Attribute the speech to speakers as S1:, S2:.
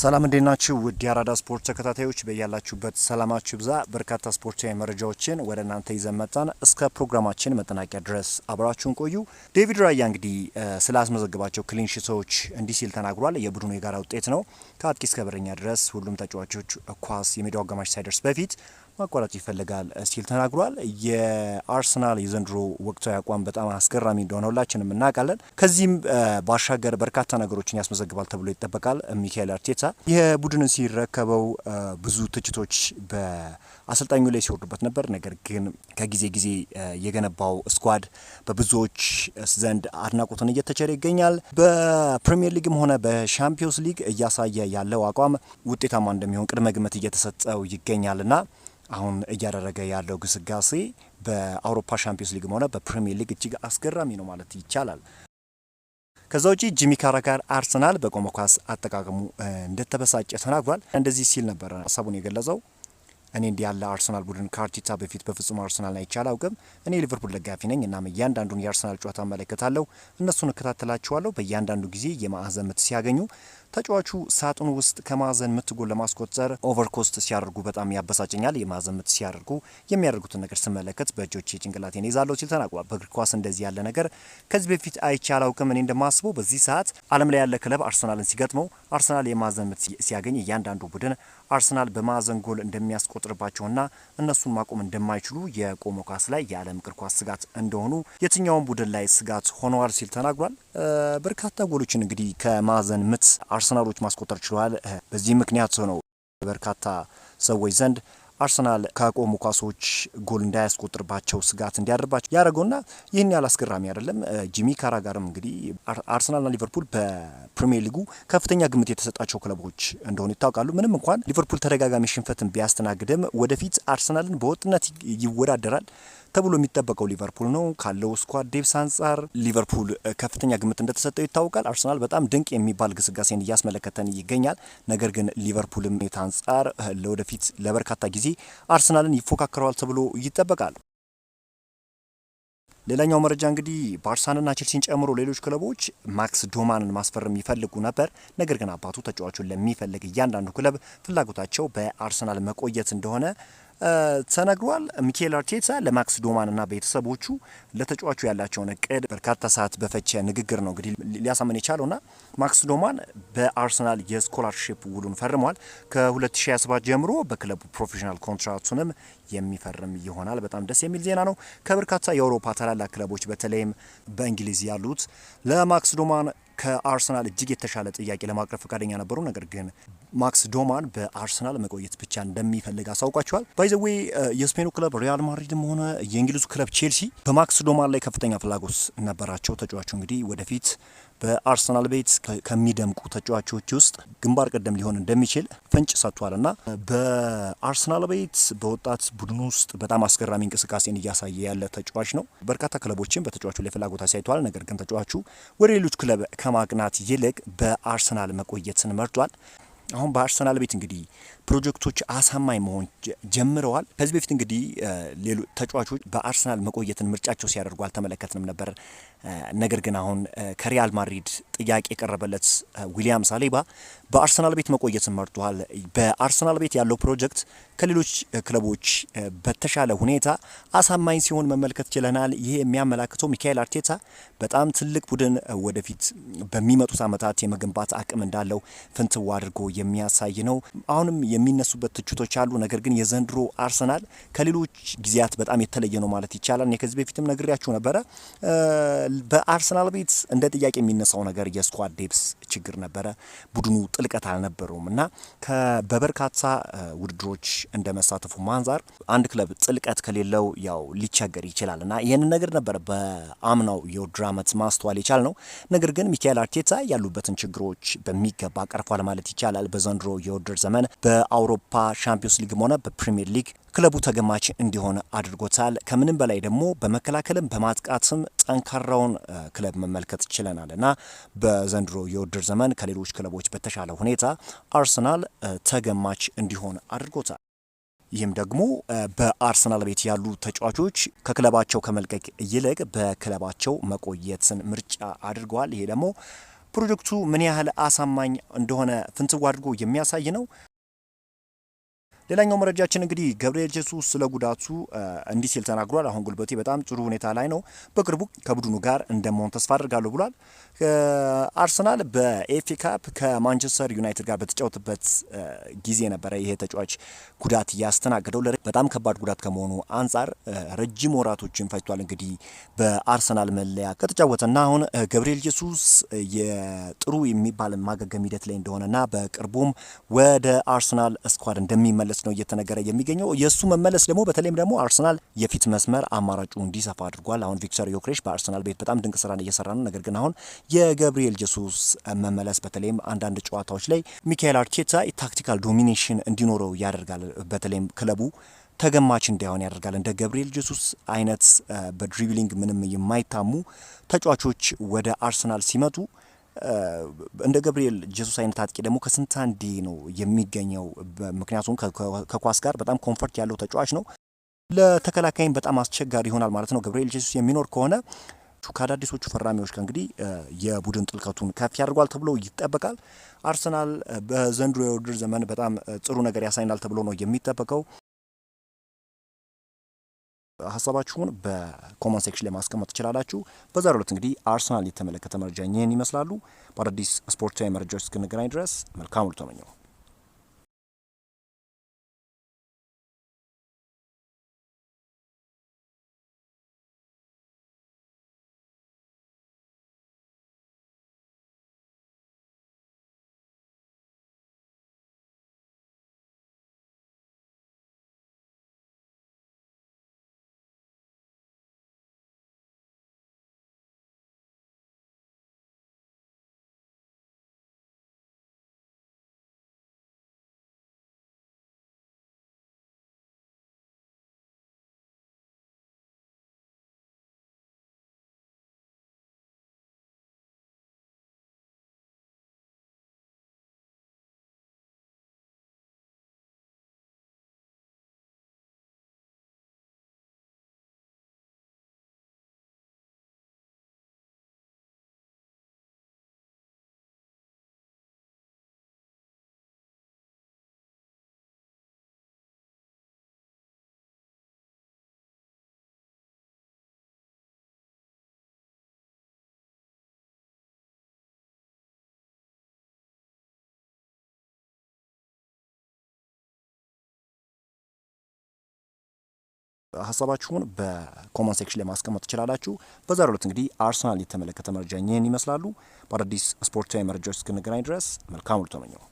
S1: ሰላም እንዴት ናችሁ? ውድ የአራዳ ስፖርት ተከታታዮች በያላችሁበት ሰላማችሁ ብዛ። በርካታ ስፖርታዊ መረጃዎችን ወደ እናንተ ይዘን መጣን። እስከ ፕሮግራማችን መጠናቂያ ድረስ አብራችሁን ቆዩ። ዴቪድ ራያ እንግዲህ ስላስመዘግባቸው ክሊን ሺቶች እንዲህ ሲል ተናግሯል። የቡድኑ የጋራ ውጤት ነው። ከአጥቂ እስከ በረኛ ድረስ ሁሉም ተጫዋቾች ኳስ የሜዳው አጋማሽ ሳይደርስ በፊት ማቋረጥ ይፈልጋል ሲል ተናግሯል። የአርሰናል የዘንድሮ ወቅታዊ አቋም በጣም አስገራሚ እንደሆነ ሁላችንም እናውቃለን። ከዚህም ባሻገር በርካታ ነገሮችን ያስመዘግባል ተብሎ ይጠበቃል። ሚካኤል አርቴታ
S2: ይህ ቡድን ሲረከበው ብዙ ትችቶች በአሰልጣኙ ላይ ሲወርዱበት ነበር። ነገር ግን ከጊዜ ጊዜ የገነባው ስኳድ በብዙዎች ዘንድ አድናቆትን እየተቸረ ይገኛል። በፕሪምየር ሊግም ሆነ በሻምፒዮንስ ሊግ እያሳየ ያለው አቋም ውጤታማ እንደሚሆን ቅድመ ግምት እየተሰጠው ይገኛልና አሁን እያደረገ ያለው ግስጋሴ በአውሮፓ ሻምፒዮንስ ሊግም ሆነ በፕሪሚየር ሊግ እጅግ አስገራሚ ነው ማለት ይቻላል። ከዛ ውጪ ጂሚ ካራጋር አርሰናል በቆመ ኳስ አጠቃቀሙ እንደተበሳጨ ተናግሯል። እንደዚህ ሲል ነበረ ሀሳቡን የገለጸው። እኔ እንዲህ ያለ አርሰናል ቡድን ከአርቴታ በፊት በፍጹም አርሰናልን አይቼ አላውቅም። እኔ ሊቨርፑል ደጋፊ ነኝ። እናም እያንዳንዱን የአርሰናል ጨዋታ እመለከታለሁ፣ እነሱን እከታተላችኋለሁ። በእያንዳንዱ ጊዜ የማዕዘን ምት ሲያገኙ ተጫዋቹ ሳጥን ውስጥ ከማዕዘን ምት ጎል ለማስቆጠር ኦቨርኮስት ሲያደርጉ በጣም ያበሳጨኛል። የማዕዘን ምት ሲያደርጉ የሚያደርጉትን ነገር ስመለከት በእጆች ጭንቅላቴን ይዛለሁ ሲል ተናግሯል። በእግር ኳስ እንደዚህ ያለ ነገር ከዚህ በፊት አይቼ አላውቅም። እኔ እንደማስበው በዚህ ሰዓት ዓለም ላይ ያለ ክለብ አርሰናልን ሲገጥመው አርሰናል የማዕዘን ምት ሲያገኝ እያንዳንዱ ቡድን አርሰናል በማዕዘን ጎል እንደሚያስቆጥርባቸውና እነሱን ማቆም እንደማይችሉ የቆመ ኳስ ላይ የዓለም እግር ኳስ ስጋት እንደሆኑ የትኛውም ቡድን ላይ ስጋት ሆነዋል ሲል ተናግሯል። በርካታ ጎሎችን እንግዲህ ከማዕዘን ምት አርሰናሎች ማስቆጠር ችሏል። በዚህ ምክንያት ነው በርካታ ሰዎች ዘንድ አርሰናል ከቆሙ ኳሶች ጎል እንዳያስቆጥርባቸው ስጋት እንዲያደርባቸው ያደረገውና ይህን ያህል አስገራሚ አይደለም። ጂሚ ካራ ጋርም እንግዲህ አርሰናልና ሊቨርፑል በፕሪሚየር ሊጉ ከፍተኛ ግምት የተሰጣቸው ክለቦች እንደሆኑ ይታወቃሉ። ምንም እንኳን ሊቨርፑል ተደጋጋሚ ሽንፈትን ቢያስተናግድም ወደፊት አርሰናልን በወጥነት ይወዳደራል። ተብሎ የሚጠበቀው ሊቨርፑል ነው። ካለው ስኳድ ዴብስ አንጻር ሊቨርፑል ከፍተኛ ግምት እንደተሰጠው ይታወቃል። አርሰናል በጣም ድንቅ የሚባል ግስጋሴን እያስመለከተን ይገኛል። ነገር ግን ሊቨርፑልም ሁኔታ አንጻር ለወደፊት ለበርካታ ጊዜ አርሰናልን ይፎካከረዋል ተብሎ ይጠበቃል። ሌላኛው መረጃ እንግዲህ ባርሳንና ቼልሲን ጨምሮ ሌሎች ክለቦች ማክስ ዶማንን ማስፈረም ይፈልጉ ነበር። ነገር ግን አባቱ ተጫዋቹን ለሚፈልግ እያንዳንዱ ክለብ ፍላጎታቸው በአርሰናል መቆየት እንደሆነ ተነግሯል። ሚኬል አርቴታ ለማክስ ዶማን እና ቤተሰቦቹ ለተጫዋቹ ያላቸውን እቅድ በርካታ ሰዓት በፈቸ ንግግር ነው እንግዲህ ሊያሳምን የቻለው እና ማክስ ዶማን በአርሰናል የስኮላርሽፕ ውሉን ፈርሟል። ከ2027 ጀምሮ በክለቡ ፕሮፌሽናል ኮንትራቱንም የሚፈርም ይሆናል። በጣም ደስ የሚል ዜና ነው። ከበርካታ የአውሮፓ ታላላቅ ክለቦች በተለይም በእንግሊዝ ያሉት ለማክስ ዶማን ከአርሰናል እጅግ የተሻለ ጥያቄ ለማቅረብ ፈቃደኛ ነበሩ ነገር ግን ማክስ ዶማን በአርሰናል መቆየት ብቻ እንደሚፈልግ አሳውቋቸዋል። ባይዘዌ የስፔኑ ክለብ ሪያል ማድሪድም ሆነ የእንግሊዙ ክለብ ቼልሲ በማክስ ዶማን ላይ ከፍተኛ ፍላጎት ነበራቸው። ተጫዋቹ እንግዲህ ወደፊት በአርሰናል ቤት ከሚደምቁ ተጫዋቾች ውስጥ ግንባር ቀደም ሊሆን እንደሚችል ፍንጭ ሰጥቷል እና በአርሰናል ቤት በወጣት ቡድን ውስጥ በጣም አስገራሚ እንቅስቃሴን እያሳየ ያለ ተጫዋች ነው። በርካታ ክለቦችም በተጫዋቹ ላይ ፍላጎት አሳይተዋል። ነገር ግን ተጫዋቹ ወደ ሌሎች ክለብ ከማቅናት ይልቅ በአርሰናል መቆየትን መርጧል። አሁን በአርሰናል ቤት እንግዲህ ፕሮጀክቶች አሳማኝ መሆን ጀምረዋል። ከዚህ በፊት እንግዲህ ተጫዋቾች በአርሰናል መቆየትን ምርጫቸው ሲያደርጉ አልተመለከትንም ነበር። ነገር ግን አሁን ከሪያል ማድሪድ ጥያቄ የቀረበለት ዊሊያም ሳሌባ በአርሰናል ቤት መቆየትን መርጧል። በአርሰናል ቤት ያለው ፕሮጀክት ከሌሎች ክለቦች በተሻለ ሁኔታ አሳማኝ ሲሆን መመልከት ችለናል። ይህ የሚያመላክተው ሚካኤል አርቴታ በጣም ትልቅ ቡድን ወደፊት በሚመጡት ዓመታት የመገንባት አቅም እንዳለው ፍንትዋ አድርጎ የሚያሳይ ነው። አሁንም የሚነሱበት ትችቶች አሉ። ነገር ግን የዘንድሮ አርሰናል ከሌሎች ጊዜያት በጣም የተለየ ነው ማለት ይቻላል። እኔ ከዚህ በፊትም ነግሬያችሁ ነበረ። በአርሰናል ቤት እንደ ጥያቄ የሚነሳው ነገር የስኳድ ዴፕስ ችግር ነበረ። ቡድኑ ጥልቀት አልነበረውም እና በበርካታ ውድድሮች እንደ መሳተፉ ማንዛር አንድ ክለብ ጥልቀት ከሌለው ያው ሊቸገር ይችላል እና ይህንን ነገር ነበረ በአምናው የውድድር አመት ማስተዋል የቻል ነው። ነገር ግን ሚካኤል አርቴታ ያሉበትን ችግሮች በሚገባ ቀርፏል ማለት ይቻላል። አርሰናል በዘንድሮ የውድድር ዘመን በአውሮፓ ሻምፒዮንስ ሊግም ሆነ በፕሪምየር ሊግ ክለቡ ተገማች እንዲሆን አድርጎታል። ከምንም በላይ ደግሞ በመከላከልም በማጥቃትም ጠንካራውን ክለብ መመልከት ችለናል እና በዘንድሮ የውድድር ዘመን ከሌሎች ክለቦች በተሻለ ሁኔታ አርሰናል ተገማች እንዲሆን አድርጎታል። ይህም ደግሞ በአርሰናል ቤት ያሉ ተጫዋቾች ከክለባቸው ከመልቀቅ ይልቅ በክለባቸው መቆየትን ምርጫ አድርገዋል። ይሄ ደግሞ ፕሮጀክቱ ምን ያህል አሳማኝ እንደሆነ ፍንትው አድርጎ የሚያሳይ ነው። ሌላኛው መረጃችን እንግዲህ ገብርኤል ጄሱስ ስለ ጉዳቱ እንዲህ ሲል ተናግሯል። አሁን ጉልበቴ በጣም ጥሩ ሁኔታ ላይ ነው፣ በቅርቡ ከቡድኑ ጋር እንደመሆን ተስፋ አድርጋለሁ ብሏል። አርሰናል በኤፌ ካፕ ከማንቸስተር ዩናይትድ ጋር በተጫወትበት ጊዜ ነበረ ይሄ ተጫዋች ጉዳት ያስተናገደው። በጣም ከባድ ጉዳት ከመሆኑ አንጻር ረጅም ወራቶችን ፈጅቷል። እንግዲህ በአርሰናል መለያ ከተጫወተና አሁን ገብርኤል ጀሱስ የጥሩ የሚባል ማገገም ሂደት ላይ እንደሆነና በቅርቡም ወደ አርሰናል ስኳድ እንደሚመለስ እንደሚመለስ ነው እየተነገረ የሚገኘው። የእሱ መመለስ ደግሞ በተለይም ደግሞ አርሰናል የፊት መስመር አማራጩ እንዲሰፋ አድርጓል። አሁን ቪክተር ዮክሬሽ በአርሰናል ቤት በጣም ድንቅ ስራን እየሰራ ነው። ነገር ግን አሁን የገብርኤል ጀሱስ መመለስ በተለይም አንዳንድ ጨዋታዎች ላይ ሚካኤል አርቴታ ታክቲካል ዶሚኔሽን እንዲኖረው ያደርጋል። በተለይም ክለቡ ተገማች እንዳይሆን ያደርጋል። እንደ ገብርኤል ጀሱስ አይነት በድሪብሊንግ ምንም የማይታሙ ተጫዋቾች ወደ አርሰናል ሲመጡ እንደ ገብርኤል ጀሱስ አይነት አጥቂ ደግሞ ከስንት አንዴ ነው የሚገኘው። ምክንያቱም ከኳስ ጋር በጣም ኮምፈርት ያለው ተጫዋች ነው። ለተከላካይም በጣም አስቸጋሪ ይሆናል ማለት ነው። ገብርኤል ጀሱስ የሚኖር ከሆነ ከአዳዲሶቹ ፈራሚዎች እንግዲህ የቡድን ጥልቀቱን ከፍ ያደርጓል ተብሎ ይጠበቃል። አርሰናል በዘንድሮ የውድድር ዘመን በጣም ጥሩ ነገር ያሳይናል ተብሎ ነው የሚጠበቀው። ሀሳባችሁን በኮመን ሴክሽን ላይ ማስቀመጥ ትችላላችሁ። በዛሬው ዕለት እንግዲህ አርሰናል የተመለከተ መረጃ ይህን ይመስላሉ። በአዳዲስ ስፖርታዊ መረጃዎች እስክንገናኝ ድረስ መልካም ሁሉ ተመኘው። ሀሳባችሁን በኮመንት ሴክሽን ላይ ማስቀመጥ ትችላላችሁ። በዛሬው ዕለት እንግዲህ አርሰናል የተመለከተ መረጃ ይህን ይመስላሉ። በአዳዲስ ስፖርታዊ መረጃዎች እስክንገናኝ ድረስ መልካም ሁሉ ተመኘው።